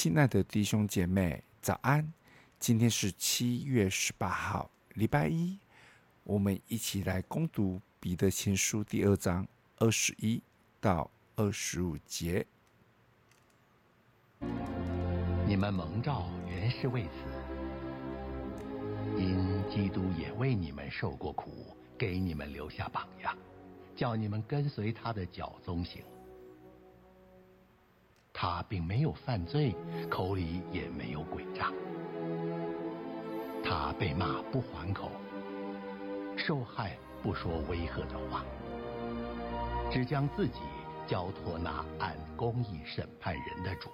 親愛的弟兄姐妹，早安！今天是七月十八號，禮拜一，我們一起來攻讀《彼得前書》第二章二十一到二十五節。你們蒙召原是為此，因基督也為你們受過苦，給你們留下榜樣，叫你們跟隨他的腳蹤行。他並沒有犯罪，口裡也沒有詭詐。他被罵不還口，受害不說威嚇的話，只將自己交託那按公義審判人的主。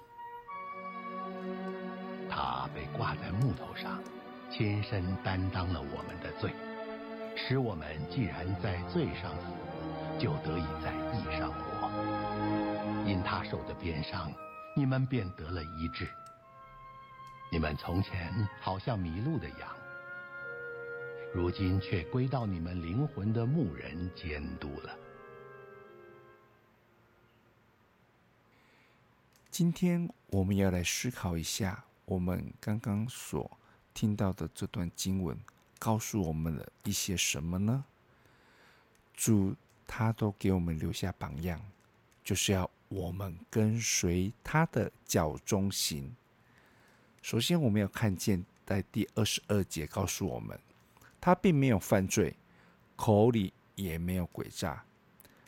他被掛在木頭上，親身擔當了我們的罪，使我們既然在罪上死，就得以在義上活。因他受的鞭傷，你們便得了醫治。你們從前好像迷路的羊，如今卻歸到你們靈魂的牧人監督了。今天我們要來思考一下，我們剛剛所聽到的這段經文告訴我們了一些什麼呢？主他都給我們留下榜樣，就是要。我們跟隨他的腳蹤行。首先，我們要看見，在第二十二節告訴我們，他並沒有犯罪，口裡也沒有詭詐。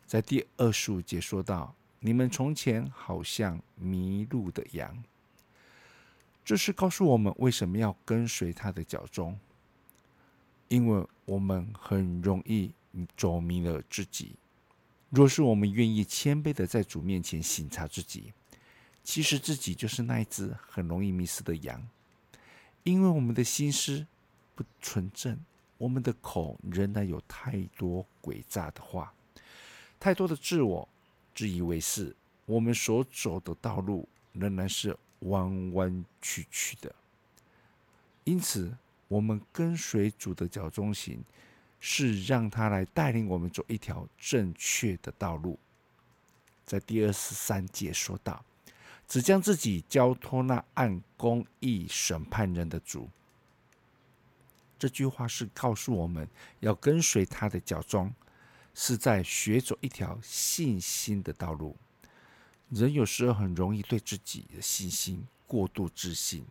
在第二十五節說到，你們從前好像迷路的羊，這是告訴我們為什麼要跟隨他的腳蹤，因為我們很容易走迷了自己。若是我們願意謙卑的在主面前省察自己，其實自己就是那一只很容易迷失的羊，因為我們的心思不純正，我們的口仍然有太多詭詐的話，太多的自我自以為是，我們所走的道路仍然是彎彎曲曲的。因此，我們跟隨主的腳蹤行。是讓他來帶領我們走一條正確的道路，在第二十三節說道：“只將自己交託那按公義審判人的主。”這句話是告訴我們要跟隨他的腳蹤，是在學走一條信心的道路。人有時候很容易對自己的信心過度自信。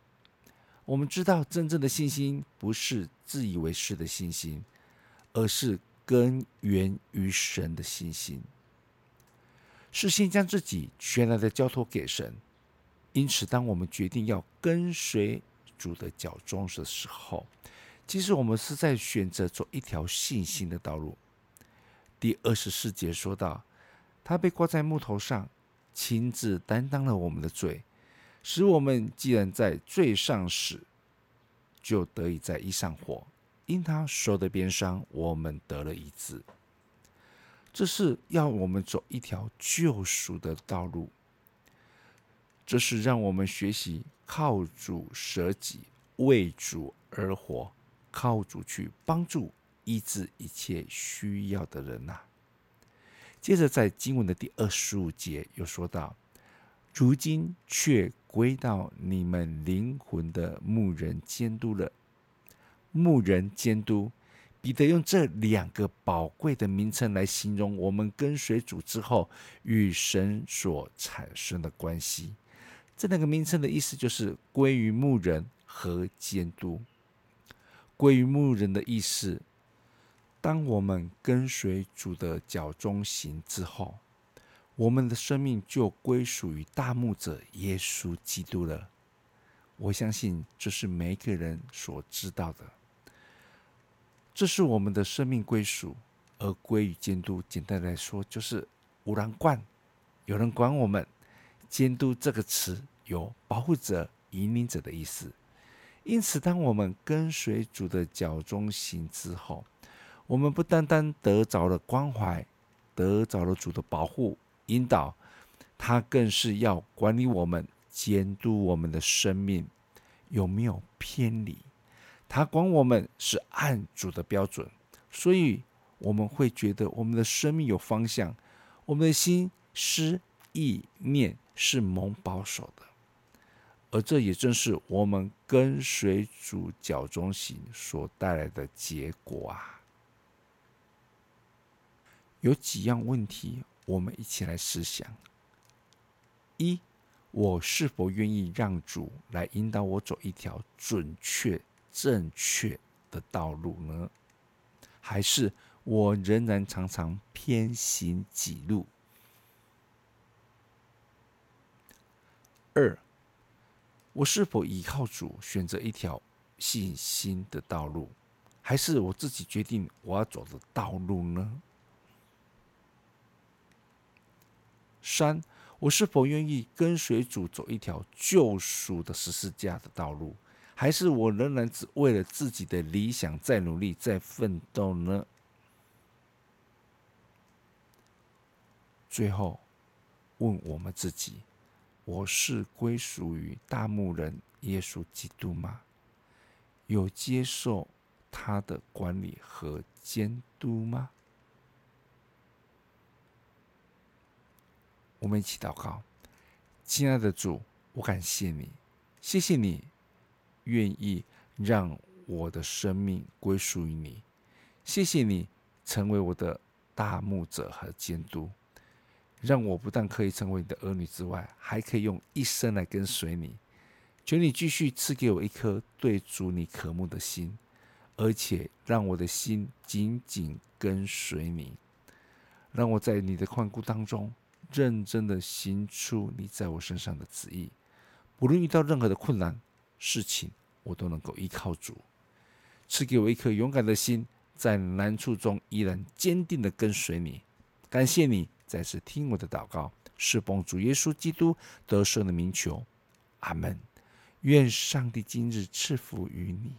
我們知道，真正的信心不是自以為是的信心。而是根源於神的信心，是先將自己全然的交託給神。因此，當我們決定要跟隨主的腳蹤的時候，其實我們是在選擇走一條信心的道路。第二十四節說到，他被掛在木頭上，親自擔當了我們的罪，使我們既然在罪上死，就得以在義上活。因他受的鞭傷，我們得了醫治。這是要我們走一條救贖的道路，這是讓我們學習靠主舍己，為主而活，靠主去幫助醫治一切需要的人吶、啊。接着，在經文的第二十五節又說到：“如今卻歸到你們靈魂的牧人監督了。”牧人監督，彼得用這兩個寶貴的名稱來形容我們跟隨主之後與神所產生的關係。這兩個名稱的意思就是歸於牧人和監督。歸於牧人的意思，當我們跟隨主的腳蹤行之後，我們的生命就歸屬於大牧者耶穌基督了。我相信這是每個人所知道的。這是我們的生命歸屬，而歸於監督。簡單來說，就是無人管，有人管我們。監督這個詞有保護者、引領者的意思。因此，當我們跟隨主的腳蹤行之後，我們不單單得着了關懷，得着了主的保護、引導，他更是要管理我們、監督我們的生命有沒有偏離。他管我們是按主的標準，所以我們會覺得我們的生命有方向，我們的心思意念是蒙保守的，而這也正是我們跟隨主腳蹤行所帶來的結果啊！有幾樣問題，我們一起來思想：一，我是否願意讓主來引導我走一條準確？正確的道路呢？還是我仍然常常偏行己路？二，我是否依靠主選擇一條信心的道路，還是我自己決定我要走的道路呢？三，我是否願意跟隨主走一條救贖的十字架的道路？還是我仍然只為了自己的理想在努力、在奮鬥呢？最後，問我們自己：我是歸屬於大牧人耶穌基督嗎？有接受他的管理和監督嗎？我們一起禱告：親愛的主，我感謝你，謝謝你。願意讓我的生命歸屬於你，謝謝你成為我的大牧者和監督，讓我不但可以成為你的兒女之外，還可以用一生來跟隨你。求你繼續賜給我一顆對主你渴慕的心，而且讓我的心緊緊跟隨你，讓我在你的看顧當中認真的行出你在我身上的旨意，不論遇到任何的困難，事情，我都能夠依靠主，賜給我一顆勇敢的心，在難處中依然堅定的跟隨你。感謝你再次聽我的禱告，是奉主耶穌基督得勝的名求，阿門。願上帝今日賜福於你。